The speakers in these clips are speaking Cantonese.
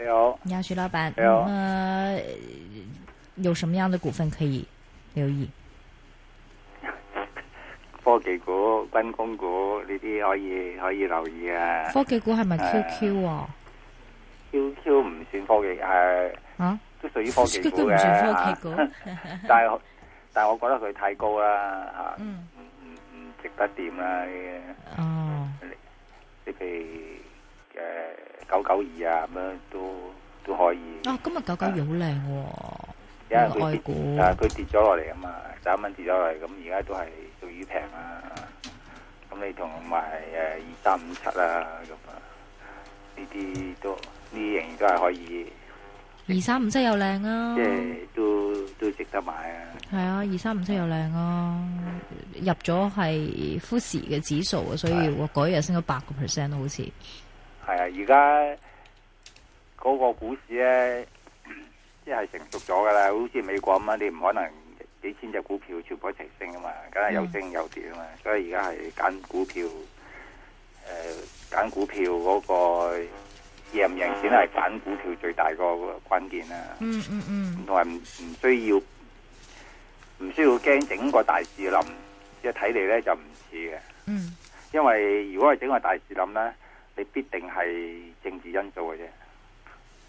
你好，亞你好徐老闆，咁啊、嗯呃，有什麼樣嘅股份可以留意？科技股、軍工股呢啲可以可以留意啊。科技股係咪 QQ？QQ 唔算科技、呃、啊，都屬於科技股嘅吓、啊。 但係但係我覺得佢太高啦吓，唔唔唔值得掂啦啲。這個、哦，你譬如誒。九九二啊，咁樣都都可以。哦、啊，今日九九二好靚喎，因為開股，啊，佢跌咗落嚟啊嘛，三蚊跌咗落嚟，咁而家都係仲於平啊。咁你同埋誒二三五七啊咁啊，呢啲都呢仍然都係可以。二三五七又靚啊！即係、就是、都都值得買啊！係啊，二三五七又靚啊！的入咗係富時嘅指數啊，所以我嗰日升咗八個 percent 好似。係啊，而家嗰個股市咧，即係成熟咗噶啦。好似美國咁啊，你唔可能幾千隻股票全部一齊升啊嘛，梗係有升有跌啊嘛。所以而家係揀股票，誒、呃，揀股票嗰個贏唔贏錢係揀、嗯、股票最大個關鍵啊、嗯。嗯嗯嗯，同埋唔唔需要唔需要驚整個大市冧，即係睇嚟咧就唔似嘅。嗯，因為如果係整個大市冧咧。你必定係政治因素嘅啫。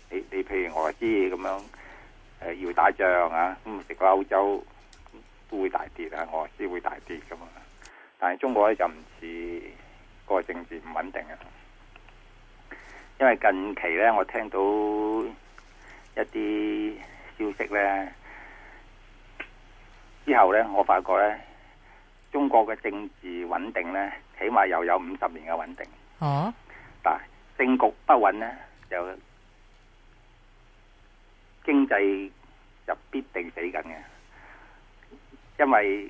你你譬如俄羅斯咁樣，誒、呃、要打仗啊，咁食個歐洲都會大跌啊，俄羅斯會大跌咁嘛，但係中國咧就唔似個政治唔穩定啊。因為近期咧，我聽到一啲消息咧，之後咧，我發覺咧，中國嘅政治穩定咧，起碼又有五十年嘅穩定。哦、啊。政局不穩呢，就經濟就必定死緊嘅，因為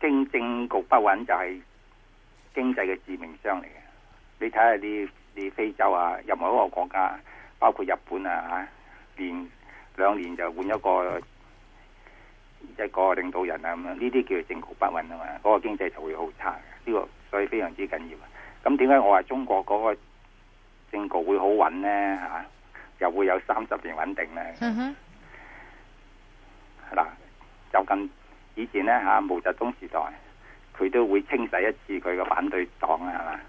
經政局不穩就係經濟嘅致命傷嚟嘅。你睇下你你非洲啊，任何一個國家，包括日本啊吓、啊，連兩年就換一個一個領導人啊咁樣，呢啲叫做政局不穩啊嘛，嗰個經濟就會好差。呢個所以非常之緊要。咁點解我話中國嗰個？政局會好穩呢，吓、啊、又會有三十年穩定咧。嗱、嗯哼啊，就近以前呢，吓、啊、毛澤東時代，佢都會清洗一次佢個反對黨啊嘛。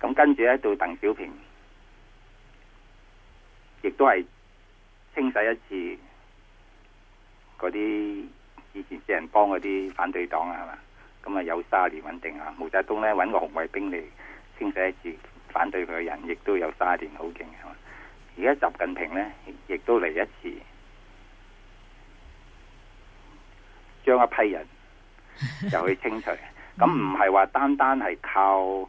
咁跟住咧到鄧小平，亦都係清洗一次嗰啲以前四人幫嗰啲反對黨啊嘛。咁啊有卅年穩定啊。毛澤東咧揾個紅衛兵嚟清洗一次。反對佢嘅人，亦都有沙田好勁。而家習近平呢，亦都嚟一次，將一批人就 去清除。咁唔係話單單係靠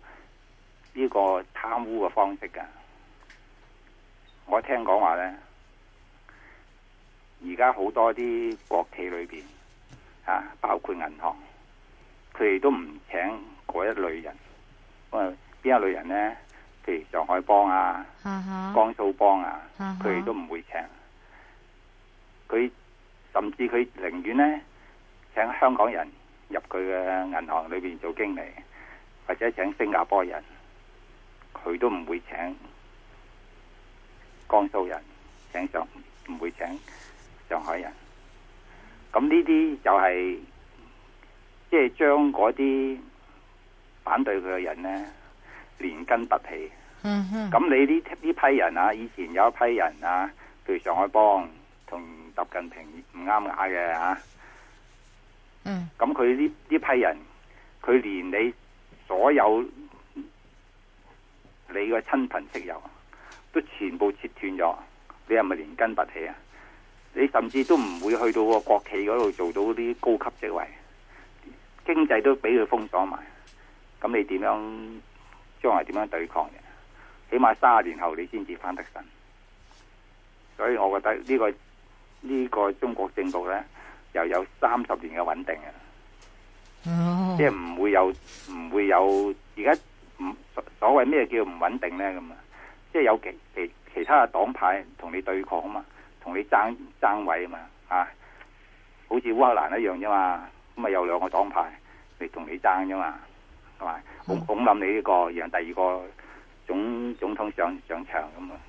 呢個貪污嘅方式噶。我聽講話呢，而家好多啲國企裏面啊，包括銀行，佢哋都唔請嗰一類人。咁啊，邊一類人呢？譬如上海幫啊，uh huh. 江蘇幫啊，佢哋、uh huh. 都唔會請。佢甚至佢寧願咧，請香港人入佢嘅銀行裏邊做經理，或者請新加坡人，佢都唔會請江蘇人，請上唔會請上海人。咁呢啲就係即係將嗰啲反對佢嘅人咧連根拔起。嗯哼，咁你呢呢批人啊，以前有一批人啊，譬如上海幫同習近平唔啱眼嘅吓，嗯，咁佢呢呢批人，佢連你所有你嘅親朋戚友都全部切斷咗，你係咪連根拔起啊？你甚至都唔會去到個國企嗰度做到啲高級職位，經濟都俾佢封鎖埋，咁你點樣將來點樣對抗嘅？起碼三十年後你先至翻得身，所以我覺得呢、這個呢、這個中國政局呢，又有三十年嘅穩定啊，即係唔會有唔會有而家唔所所謂咩叫唔穩定呢？咁啊？即係有其其其他黨派同你對抗啊嘛，同你爭爭位啊嘛啊，好似烏克蘭一樣啫嘛，咁啊有兩個黨派嚟同你爭啫嘛，係咪，恐恐諗你呢、這個然後第二個。總總統上上場咁啊！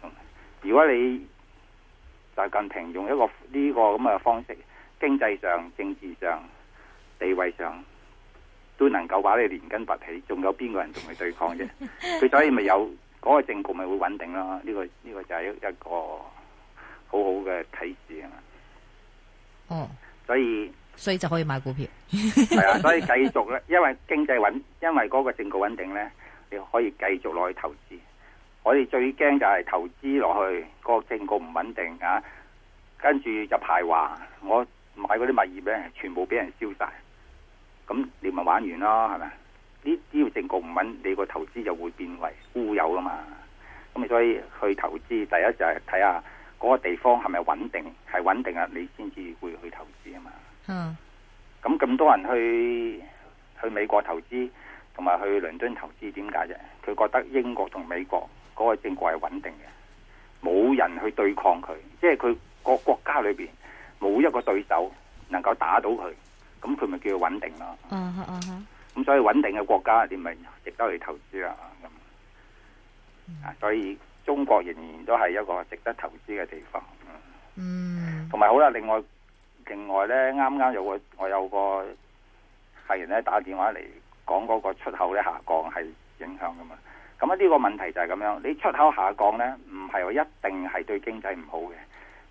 如果你習近平用一個呢個咁嘅方式，經濟上、政治上、地位上都能夠把你連根拔起，仲有邊個人同你對抗啫？佢 所以咪有嗰個政局咪會穩定啦？呢個呢個就係一一個好好嘅啟示啊！哦，所以所以就可以買股票係 啊！所以繼續咧，因為經濟穩，因為嗰個政局穩定咧。你可以繼續落去投資，我哋最驚就係投資落去個政局唔穩定啊，跟住就排話我買嗰啲物業咧，全部俾人燒晒。咁你咪玩完咯，係咪？呢呢個政局唔穩，你個投資就會變為烏有啦嘛。咁你所以去投資第一就係睇下嗰個地方係咪穩定，係穩定啊，你先至會去投資啊嘛。嗯。咁咁多人去去美國投資。同埋去倫敦投資點解啫？佢覺得英國同美國嗰、嗰個政局係穩定嘅，冇人去對抗佢，即係佢個國家裏邊冇一個對手能夠打到佢，咁佢咪叫穩定咯。uh huh, uh huh. 嗯。嗯，咁所以穩定嘅國家，你咪值得去投資啦。咁所以中國仍然都係一個值得投資嘅地方。嗯。同埋、嗯、好啦，另外另外呢，啱啱有我我有個客人咧打電話嚟。講嗰個出口咧下降，係影響噶嘛？咁啊呢個問題就係咁樣，你出口下降呢，唔係話一定係對經濟唔好嘅。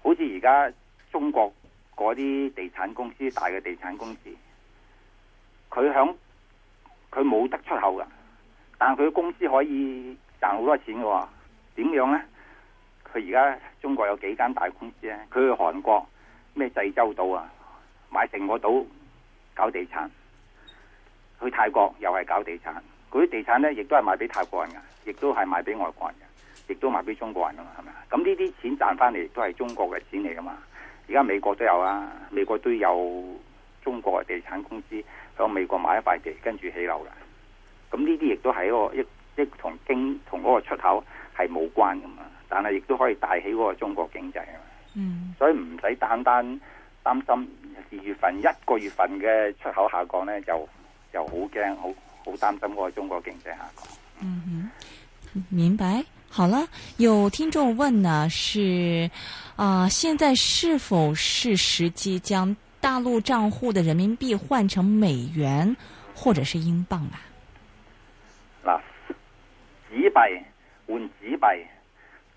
好似而家中國嗰啲地產公司，大嘅地產公司，佢響佢冇得出口噶，但係佢公司可以賺好多錢噶。點樣呢？佢而家中國有幾間大公司呢？佢去韓國咩濟州島啊，買成個島搞地產。去泰國又係搞地產，嗰啲地產呢亦都係賣俾泰國人嘅，亦都係賣俾外國人嘅，亦都賣俾中國人啊嘛，係咪啊？咁呢啲錢賺翻嚟都係中國嘅錢嚟噶嘛。而家美國都有啊，美國都有中國嘅地產公司喺美國買一塊地，跟住起樓嘅。咁呢啲亦都係一個一一同經同嗰個出口係冇關噶嘛，但係亦都可以帶起嗰個中國經濟啊。嗯。所以唔使單單擔心二月份一個月份嘅出口下降呢。就。又好驚，好好擔心個中國經濟下降，嗯。嗯哼，明白。好啦。有聽眾問啊，是啊、呃，現在是否是時機將大陸賬戶的人民幣換成美元或者是英鎊啊？嗱，啊，紙幣換紙幣，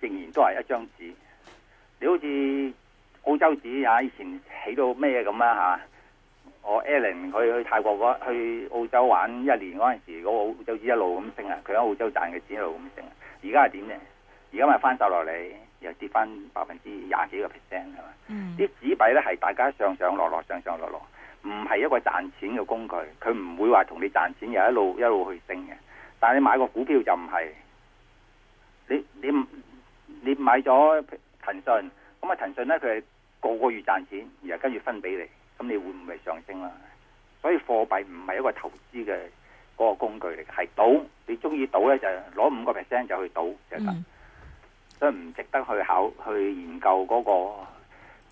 仍然都係一張紙。你好似澳洲紙啊，以前起到咩咁啦吓。我 Allen、oh，佢去泰國嗰去澳洲玩一年嗰陣時，個澳洲紙一路咁升啊！佢喺澳洲賺嘅錢一路咁升啊！而家係點呢？而家咪翻手落嚟，又跌翻百分之廿幾個 percent 係嘛？啲紙幣咧係大家上上落落，上上落落，唔係一個賺錢嘅工具，佢唔會話同你賺錢又一路一路去升嘅。但係你買個股票就唔係，你你你買咗騰訊，咁啊騰訊咧佢係個個月賺錢，然後跟住分俾你。咁你會唔會上升啦、啊？所以貨幣唔係一個投資嘅嗰個工具嚟，嘅，係賭。你中意賭咧就攞五個 percent 就去賭，就得、是。嗯、所以唔值得去考去研究嗰、嗰個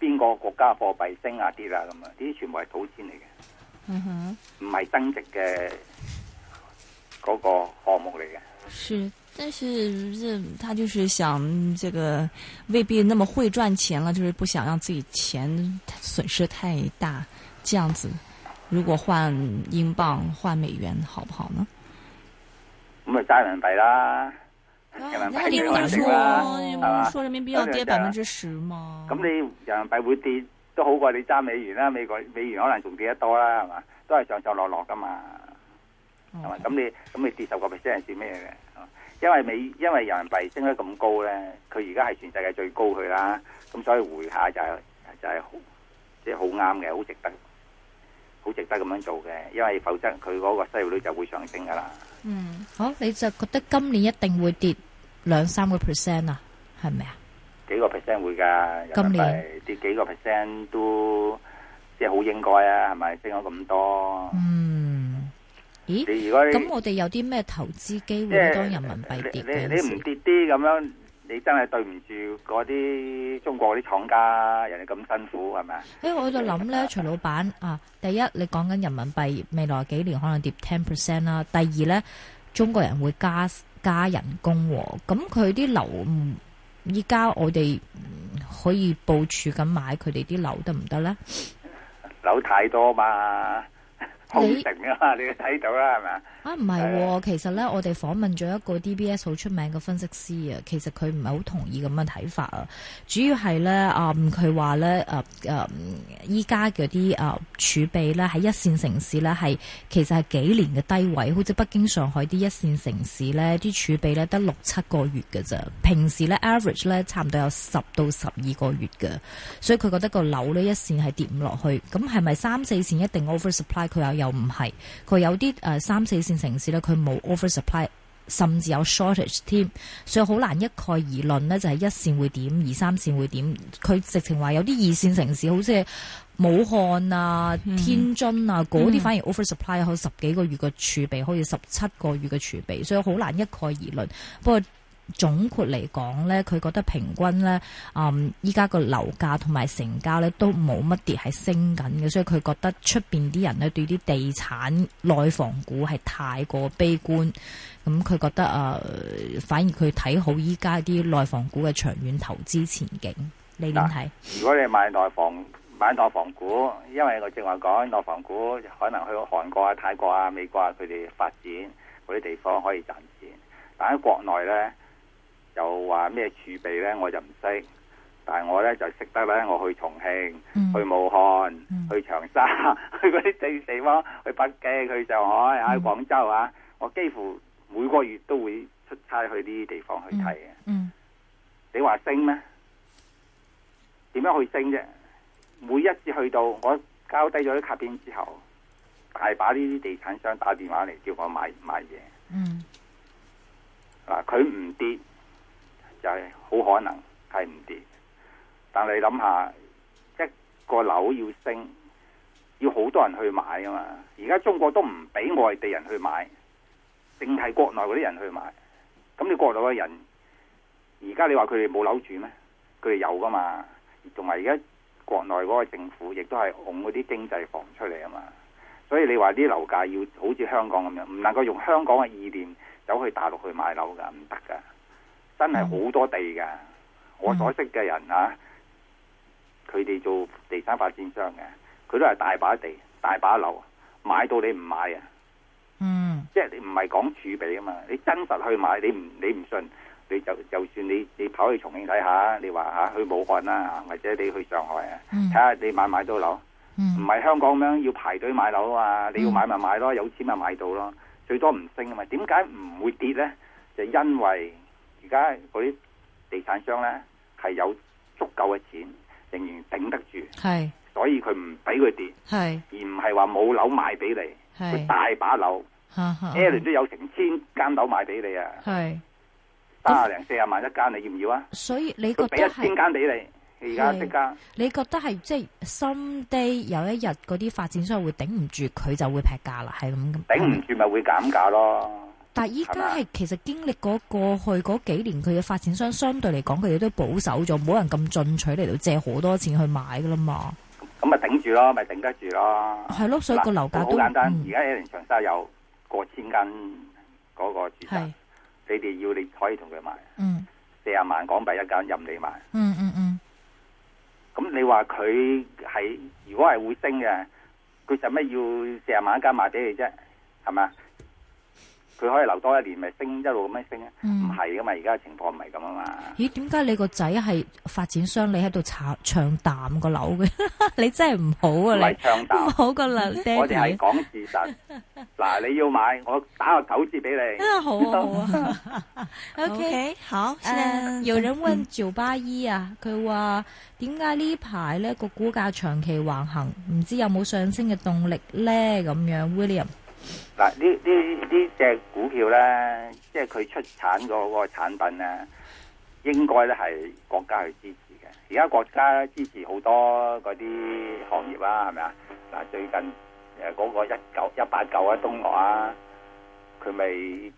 邊個國家貨幣升啊跌啊，咁啊，呢啲全部係賭錢嚟嘅。嗯、哼，唔係增值嘅嗰個項目嚟嘅。但是這他就是想這個未必那麼會賺錢了，就是不想讓自己錢損失太大。這樣子，如果換英鎊換美元，好不好呢？咁咪揸人民幣啦！人民幣跌啊，係嘛？啊！我聽人說，我聽說人民幣要跌百分之十嘛。咁你人民幣會跌，都好過你揸美元啦。美國美元可能仲跌得多啦，係嘛？都係上上落落噶嘛，係嘛 Okay.？咁你咁你跌十個 percent 算咩嘅？因為美因為人民幣升得咁高咧，佢而家係全世界最高佢啦，咁所以回下就是、就係即係好啱嘅，好、就是、值得，好值得咁樣做嘅。因為否則佢嗰個失業率就會上升噶啦。嗯，好、哦，你就覺得今年一定會跌兩三個 percent 啊？係咪啊？幾個 percent 會噶？今年跌幾個 percent 都即係好應該啊？係咪升咗咁多？嗯。咁咦我哋有啲咩投資機會當、就是、人民幣跌嘅？你唔跌啲咁樣，你真係對唔住嗰啲中國啲廠家，人哋咁辛苦係咪啊？因、欸、我喺度諗咧，嗯、徐老闆啊，第一你講緊人民幣未來幾年可能跌 ten percent 啦，第二咧中國人會加加人工、啊，咁佢啲樓唔依家我哋可以部署咁買佢哋啲樓得唔得咧？樓太多嘛～啊！你睇到啦，係咪啊？唔係，其實咧，我哋訪問咗一個 DBS 好出名嘅分析師啊，其實佢唔係好同意咁嘅睇法啊。主要係咧啊，佢話咧啊啊，依家嘅啲啊儲備咧喺一線城市咧係其實係幾年嘅低位，好似北京、上海啲一線城市咧啲儲備咧得六七個月㗎啫。平時咧 average 咧差唔多有十到十二個月㗎，所以佢覺得個樓咧一線係跌唔落去。咁係咪三四線一定 oversupply？佢有？又唔係，佢有啲誒、呃、三四線城市咧，佢冇 oversupply，甚至有 shortage 添，所以好難一概而論呢就係、是、一線會點，二三線會點？佢直情話有啲二線城市，好似武漢啊、嗯、天津啊嗰啲，反而 oversupply 可十幾個月嘅儲備，可以十七個月嘅儲備，所以好難一概而論。不過，總括嚟講呢，佢覺得平均呢，嗯，依家個樓價同埋成交呢都冇乜跌，係升緊嘅，所以佢覺得出邊啲人呢對啲地產內房股係太過悲觀。咁佢覺得啊、呃，反而佢睇好依家啲內房股嘅長遠投資前景。你點睇？如果你買內房買內房股，因為我正話講內房股可能去到韓國啊、泰國啊、美國啊，佢哋發展嗰啲地方可以賺錢，但喺國內呢。就話咩儲備呢？我就唔識。但係我呢，就識得呢，我去重慶、嗯、去武漢、嗯、去長沙、去嗰啲地地方、去北京、去上海、喺廣、嗯啊、州啊，我幾乎每個月都會出差去呢啲地方去睇嘅、嗯。嗯，你話升咩？點樣去升啫？每一次去到我交低咗啲卡片之後，大把呢啲地產商打電話嚟，叫我買買嘢、嗯。嗯，嗱，佢唔跌。就係好可能係唔掂。但你諗下，一個樓要升，要好多人去買啊嘛。而家中國都唔俾外地人去買，淨係國內嗰啲人去買。咁你國內嘅人，而家你話佢哋冇樓住咩？佢哋有噶嘛？同埋而家國內嗰個政府亦都係㧬嗰啲經濟房出嚟啊嘛。所以你話啲樓價要好似香港咁樣，唔能夠用香港嘅意念走去大陸去買樓噶，唔得噶。嗯、真係好多地㗎，我所識嘅人啊，佢哋做地產發展商嘅，佢都係大把地、大把樓買到你唔買啊！嗯，即係你唔係講儲備啊嘛，你真實去買你唔你唔信，你就就算你你跑去重慶睇下，你話嚇、啊、去武漢啦、啊，或者你去上海啊，睇下你買唔買到樓？唔係、嗯、香港咁樣要排隊買樓啊，嗯、你要買咪買咯，有錢咪買到咯，最多唔升啊嘛。點解唔會跌呢？就係、因為。而家嗰啲地產商咧係有足夠嘅錢，仍然頂得住，係是所以佢唔俾佢跌，係而唔係話冇樓賣俾你？佢是大把樓 a i r 都有成千間樓賣俾你啊！係三廿零、四啊多那萬一間，你要唔要啊？所以你覺得係一千間，你覺得係即係 someday 有一日嗰啲發展商會頂唔住，佢就會劈價啦，係咁，頂唔住咪會減價咯。 但依家係其實經歷嗰過，過去嗰幾年，佢嘅發展商相對嚟講，佢哋都保守咗，冇人咁進取嚟到借好多錢去買噶啦嘛。咁咪頂住咯，咪頂得住咯。係咯，所以個樓價都好簡單。而家一年長沙有過千斤嗰個住宅，是你哋要你可以同佢買。嗯。四十萬港幣一間，任你買。嗯嗯嗯。咁、嗯嗯、你話佢係如果係會升嘅，佢做咩要四十萬一間賣俾你啫？係嘛？佢可以留多一年咪升一路咁樣升啊？唔係噶嘛，而家嘅情況唔係咁啊嘛。咦？點解你個仔係發展商？你喺度炒唱淡個樓嘅？你真係唔好啊！你唔係唱淡，好個樓我。我哋係講事實。嗱，你要買，我打個九折俾你。真、啊、好啊！O K，好。誒，okay, okay, uh, okay. uh, 有人問趙巴依啊，佢話點解呢排呢個股價長期橫行，唔知有冇上升嘅動力咧？咁樣，William。嗱，呢呢呢隻股票咧，即係佢出產嗰個產品咧，應該咧係國家去支持嘅。而家國家支持好多嗰啲行業啦，係咪啊？嗱，最近誒嗰個一九一八九啊，東樂啊，佢咪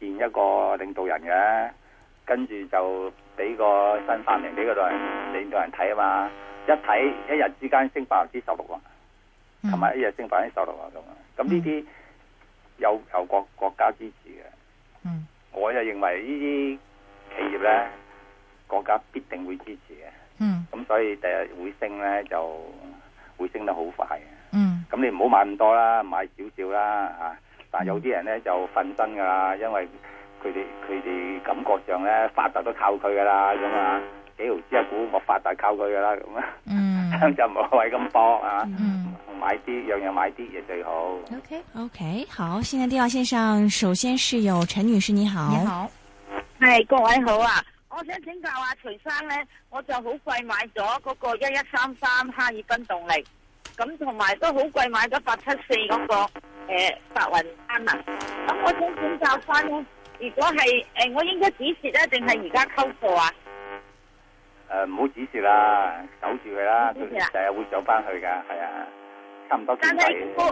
建一個領導人嘅，啊，跟住就俾個新發明俾嗰度人領導人睇啊嘛，一睇一日之間升百分之十六啊，同埋一日升百分之十六啊咁啊。咁呢啲有有國國家支持嘅，嗯、我就認為呢啲企業咧，國家必定會支持嘅。咁、嗯、所以第日會升咧，就會升得好快。咁、嗯、你唔好買咁多啦，買少少啦。啊、但係有啲人咧就瞓身噶啦，因為佢哋佢哋感覺上咧發達都靠佢噶啦，咁啊幾毫子一股我發達靠佢噶啦咁、嗯、 啊，就唔好謂咁搏啊。買啲樣樣買啲嘢最好。OK OK，好，現在電話線上首先是有陳女士，你好。你好，係、哎、各位好啊！我想請教啊，徐生咧，我就好貴買咗嗰個一一三三哈爾濱動力，咁同埋都好貴買咗八七四嗰個誒白雲山啊！咁我想請，請教翻咧，如果係誒、呃、我應該止蝕咧，定係而家溝貨啊？誒、啊，唔好、呃、止蝕啦，守住佢啦，第日、啊、會走翻去噶，係啊。但係我，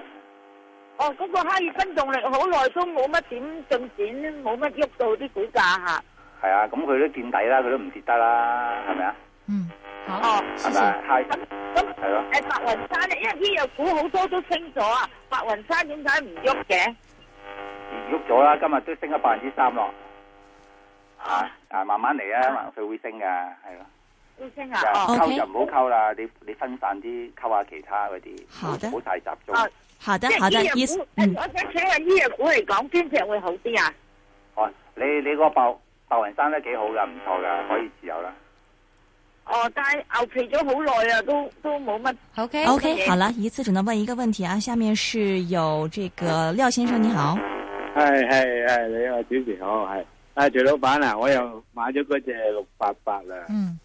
哦，嗰個哈爾濱動力好耐都冇乜點進展，冇乜喐到啲股價嚇。係啊，咁佢都見底啦，佢都唔跌得啦，係咪啊？嗯，嚇，係咪？係咁，咁係咯。誒，白雲山咧，因為呢隻股好多都升咗，白雲山點解唔喐嘅？唔喐咗啦，今日都升咗百分之三咯。啊，啊，慢慢嚟啊，可能佢會升噶，係咯。溝就，唔好溝啦，你你分散啲溝下其他嗰啲，好唔好太集中。好的，好的。醫生，我想請問醫藥股嚟講邊隻會好啲啊？哦，你你個白白雲山都幾好噶，唔錯噶，可以持有啦。哦，但係牛皮咗好耐啊，都都冇乜。O K O K，好啦，一次只能問一個問題啊。下面是有這個廖先生，你好。係係係，你好，主持人好，係。啊，徐老闆啊，我又買咗嗰隻六八八啦。嗯。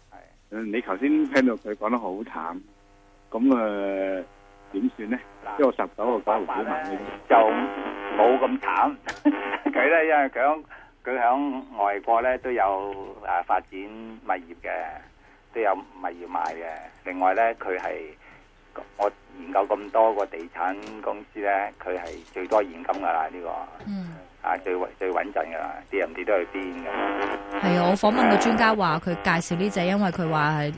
你頭先聽到佢講得好慘，咁誒點算呢？因為十九個九毫股買就冇咁慘，佢 咧因為佢響佢響外國咧都有誒、啊、發展物業嘅，都有物業賣嘅。另外咧，佢係我研究咁多個地產公司咧，佢係最多現金㗎喇呢個。嗯啊，最穩最穩陣噶啦，啲人唔知都去邊噶。係啊，我訪問個專家話，佢介紹呢隻，因為佢話係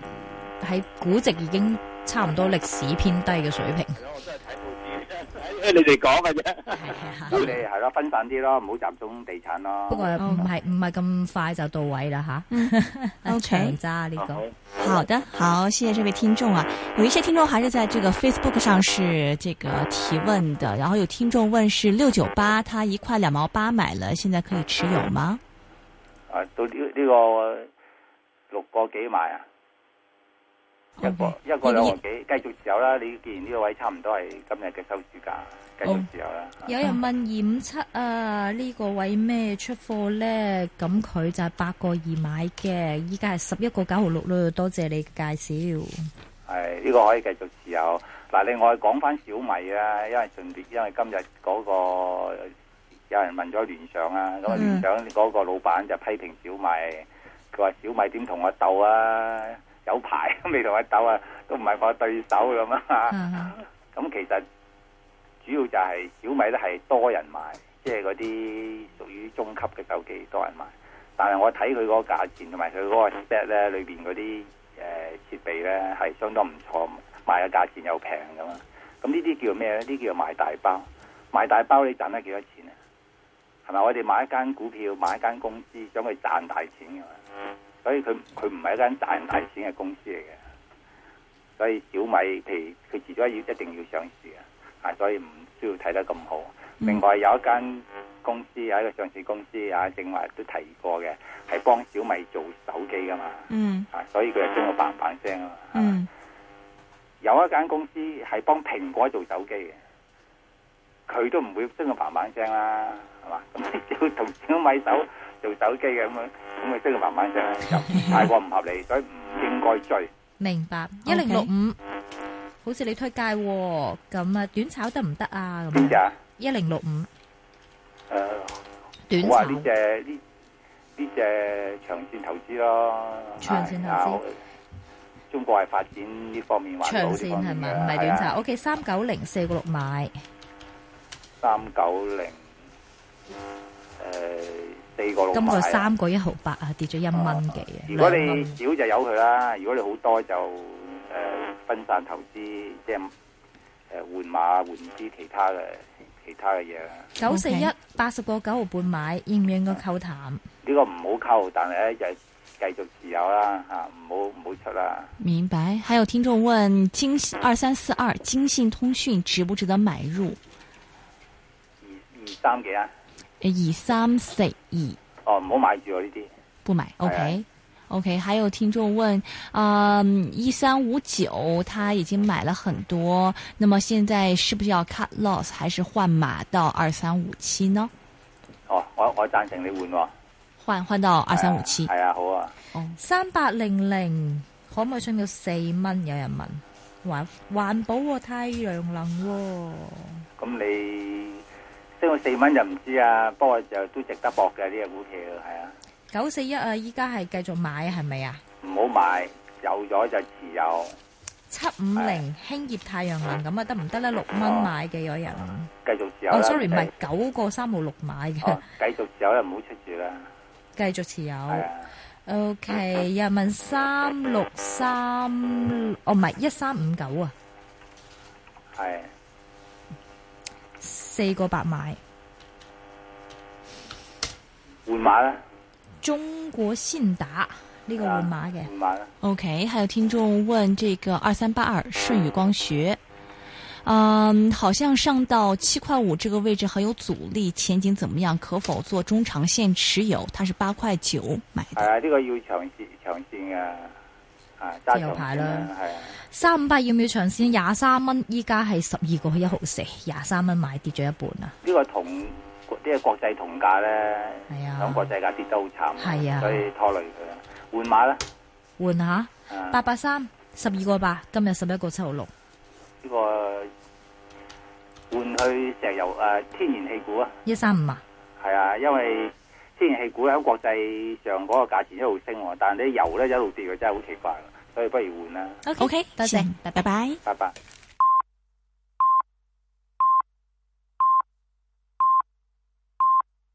喺估值已經差唔多歷史偏低嘅水平。即係你哋講嘅啫，你係咯，分散啲咯，唔好集中地產咯。不過唔係唔係咁快就到位啦吓。OK，唔揸呢個。好的，好，謝謝這位聽眾啊。有一些聽眾還是在這個 Facebook 上是這個提問的，然後有聽眾問是六九八，他一塊兩毛八買了，現在可以持有嗎？誒、啊，到呢、這、呢個、這個、六個幾買啊？Okay. 一個一個兩毫幾繼續持有啦，你既然呢個位差唔多係今日嘅收市價，繼續持有啦。Oh. 有人問二五七啊，呢個位咩出貨咧？咁佢就係八個二買嘅，依家係十一個九毫六咯。多謝你介紹。係呢個可以繼續持有。嗱，另外講翻小米啊，因為順便因為今日嗰個有人問咗聯想啊，咁聯想嗰個老闆就批評小米，佢話、mm. 小米點同我鬥啊？有排 都未同佢鬥啊，都唔係我對手咁啊！咁 其實主要就係小米都係多人買，即係嗰啲屬於中級嘅手機多人買。但係我睇佢嗰個價錢同埋佢嗰個 spec 咧，裏邊嗰啲誒設備咧係相當唔錯，賣嘅價錢又平噶嘛。咁呢啲叫咩咧？呢啲叫賣大包。賣大包你賺得幾多錢啊？係咪我哋買一間股票，買一間公司，想去賺大錢噶嘛？所以佢佢唔係一間賺大錢嘅公司嚟嘅，所以小米佢佢遲早要一定要上市嘅，啊所以唔需要睇得咁好。另外有一間公司有一個上市公司啊，正話都提過嘅，係幫小米做手機噶嘛，嗯、啊所以佢係真係棒棒聲啊。嗯、有一間公司係幫蘋果做手機嘅，佢都唔會真係棒棒聲啦，係嘛？咁只要同小米手。做手機嘅咁樣，咁咪即係慢慢啫，就太過唔合理，所以唔應該追。明白，一零六五，好似你推介咁啊，短炒得唔得啊？呢隻一零六五，誒，短炒呢隻呢呢隻長線投資咯，長線投資。中國係發展呢方面話，長線係咪唔係短炒？OK 三九零四個六買，三九零誒。今個三個一毫八啊，跌咗一蚊、哦、幾。如果你少就有佢啦，如果你好多就誒、呃、分散投資，即係誒換馬換支其他嘅其他嘅嘢啦。九四一八十個九毫半買，應唔應該溝淡？呢個唔好溝，但係咧就繼續持有啦，吓唔好唔好出啦。明白。還有聽眾問：京二三四二京信通訊值唔值得買入？二二三幾啊？二三四二哦，唔好買住呢啲，不買。OK，OK 的。Okay? Okay, 還有聽眾問，嗯，一三五九他已經買了很多，那麼現在是不是要 cut loss，還是換碼到二三五七呢？哦，我我贊成你換。換換到二三五七，係啊，好啊。哦、三八零零可唔可以升到四蚊？有人問，環環保、啊、太陽能。咁你？升到四蚊就唔知啊，不過就都值得搏嘅，呢個股票係啊。九四一啊，依家係繼續買係咪啊？唔好買，有咗就持有。七五零興業太陽能咁啊，得唔得咧？六蚊買嘅有人？繼續持有。哦，sorry，唔係九個三毫六買嘅。哦，繼續持有又唔好出住啦。繼續持有。係啊。O K，又問三六三，哦唔係一三五九啊。係。四個百買換碼咧，中國信達、這個、呢個換碼嘅。換碼啦。OK，還有聽眾問這個二三八二舜宇光學，嗯，好像上到七塊五這個位置很有阻力，前景怎麼樣？可否做中長線持有？它是八塊九買的。啊，呢、這個要長線，長線啊。啊，都有排啦。係啊，三五八要唔要長線？廿三蚊，依家係十二個一毫四，廿三蚊買跌咗一半、這個、啊！呢個同啲係國際銅價咧，係啊，講國際價跌得好慘，係啊，所以拖累佢啦。換馬啦，換下八八三十二個八，今日十一個七毫六。呢個換去石油誒、呃，天然氣股啊，一三五啊，係啊，因為。天然氣股喺國際上嗰個價錢一路升，但係啲油咧一路跌，真係好奇怪，所以不如換啦。OK，多謝，拜拜，拜拜。Bye.